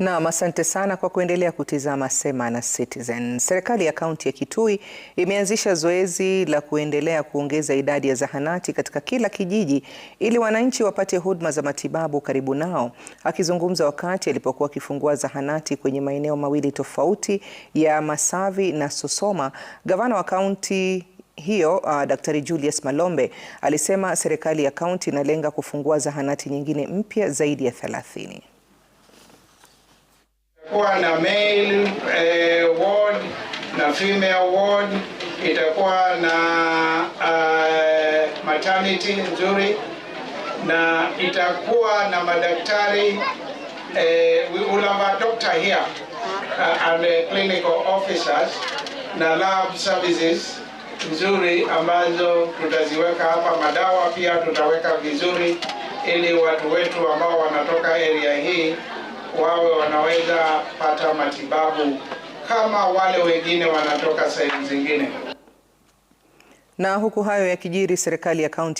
Naam, asante sana kwa kuendelea kutizama Sema na Citizen. Serikali ya kaunti ya Kitui imeanzisha zoezi la kuendelea kuongeza idadi ya zahanati katika kila kijiji ili wananchi wapate huduma za matibabu karibu nao. Akizungumza wakati alipokuwa akifungua zahanati kwenye maeneo mawili tofauti ya Masavi na Sosoma, gavana wa kaunti hiyo uh, Daktari Julius Malombe alisema serikali ya kaunti inalenga kufungua zahanati nyingine mpya zaidi ya thelathini kuwa na male eh, ward na female ward, itakuwa na uh, maternity nzuri na itakuwa na madaktari eh, we will have a doctor here uh, and uh, clinical officers na lab services nzuri ambazo tutaziweka hapa. Madawa pia tutaweka vizuri, ili watu wetu ambao wanatoka area hii wawe wanaweza pata matibabu kama wale wengine wanatoka sehemu zingine. Na huku hayo yakijiri, serikali ya kaunti